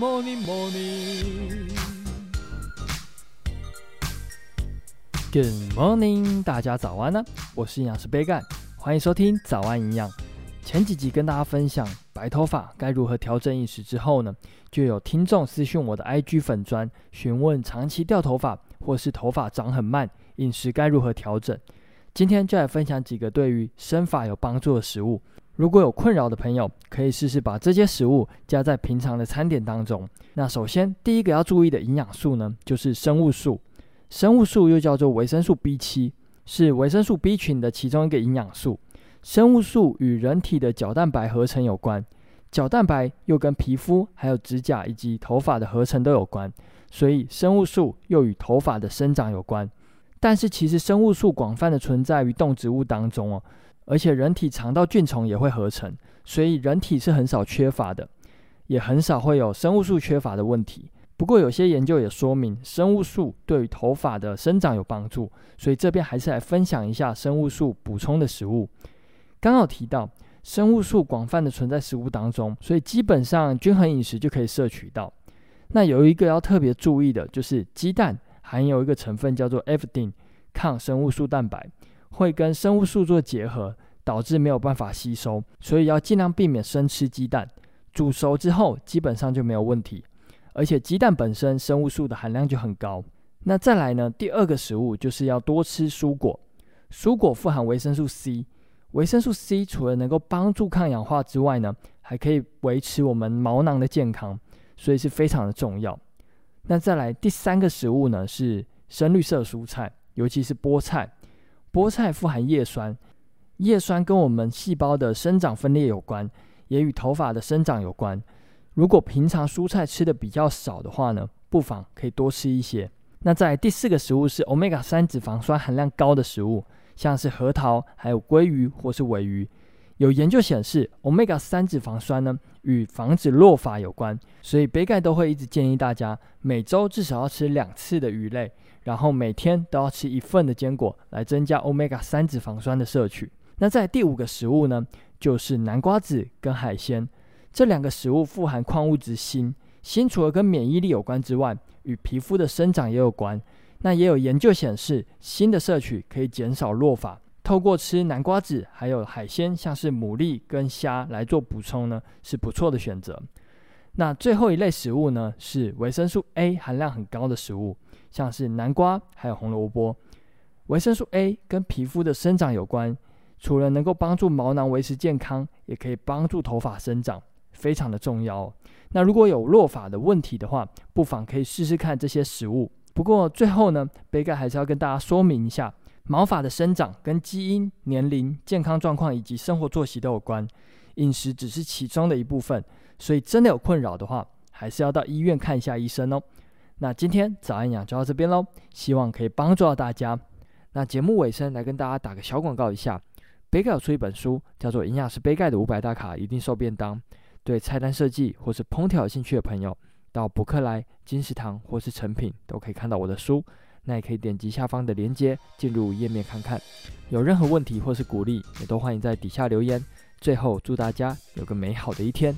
Morning, morning. Good morning, 大家早安呢、啊！我是營養師杯蓋，歡迎收聽早安營養。前幾集跟大家分享白頭髮該如何調整飲食之後呢，就有聽眾私訊我的 IG 粉專詢問長期掉頭髮或是頭髮長很慢，飲食該如何調整。今天就來分享幾個對於生髮有幫助的食物。如果有困擾的朋友，可以試試把這些食物加在平常的餐點當中。那首先第一個要注意的營養素呢，就是生物素。生物素又叫做維生素 B 七，是維生素 B 群的其中一個營養素。生物素與人體的角蛋白合成有關，角蛋白又跟皮膚、還有指甲以及頭髮的合成都有關，所以生物素又與頭髮的生長有關。但是其實生物素廣泛的存在於動植物當中哦。而且人體腸道菌叢也會合成，所以人體是很少缺乏的，也很少會有生物素缺乏的問題。不過有些研究也說明，生物素對於頭髮的生長有幫助，所以這邊還是來分享一下生物素補充的食物。剛好提到，生物素廣泛的存在食物當中，所以基本上均衡飲食就可以攝取到。那有一個要特別注意的，就是雞蛋含有一個成分叫做 avidin，抗生物素蛋白。會跟生物素做結合，導致沒有辦法吸收，所以要儘量避免生吃雞蛋。煮熟之後基本上就沒有問題。而且雞蛋本身生物素的含量就很高。那再來呢？第二個食物就是要多吃蔬果，蔬果富含維生素 C。維生素 C 除了能夠幫助抗氧化之外呢，還可以維持我們毛囊的健康，所以是非常的重要。那再來，第三個食物呢，是深綠色蔬菜，尤其是菠菜。菠菜富含葉酸，葉酸跟我們細胞的生長分裂有關，也與頭髮的生長有關。如果平常蔬菜吃得比較少的話呢，不妨可以多吃一些。那在第四個食物是 omega 三脂肪酸含量高的食物，像是核桃，還有鮭魚或是鮪魚。有研究顯示，omega-3 脂肪酸呢與防止落髮有關，所以杯蓋都會一直建議大家每周至少要吃兩次的魚類，然後每天都要吃一份的堅果，來增加 omega-3 脂肪酸的攝取。那在第五個食物呢，就是南瓜子跟海鮮，這兩個食物富含礦物質鋅，鋅除了跟免疫力有關之外，與皮膚的生長也有關。那也有研究顯示，鋅的攝取可以減少落髮。透過吃南瓜子，還有海鮮，像是牡蠣跟蝦來做補充呢，是不錯的選擇。那最後一類食物呢，是維生素 A 含量很高的食物，像是南瓜還有紅蘿蔔。維生素 A 跟皮膚的生長有關，除了能夠幫助毛囊維持健康，也可以幫助頭髮生長，非常的重要。那如果有落髮的問題的話，不妨可以試試看這些食物。不過最後呢，杯蓋還是要跟大家說明一下。毛髮的生長跟基因、年齡、健康狀況以及生活作息都有關，飲食只是其中的一部分。所以真的有困擾的話，還是要到醫院看一下醫生哦。那今天早安營養就到這邊嘍，希望可以幫助到大家。那節目尾聲來跟大家打個小廣告一下，杯蓋有出一本書，叫做《營養師杯蓋的五百大卡一定瘦便當》，對菜單設計或是烹調有興趣的朋友，到博客來、金石堂或是誠品都可以看到我的書。那也可以點擊下方的鏈接進入頁面看看。有任何問題或是鼓勵，也都歡迎在底下留言。最後祝大家有個美好的一天。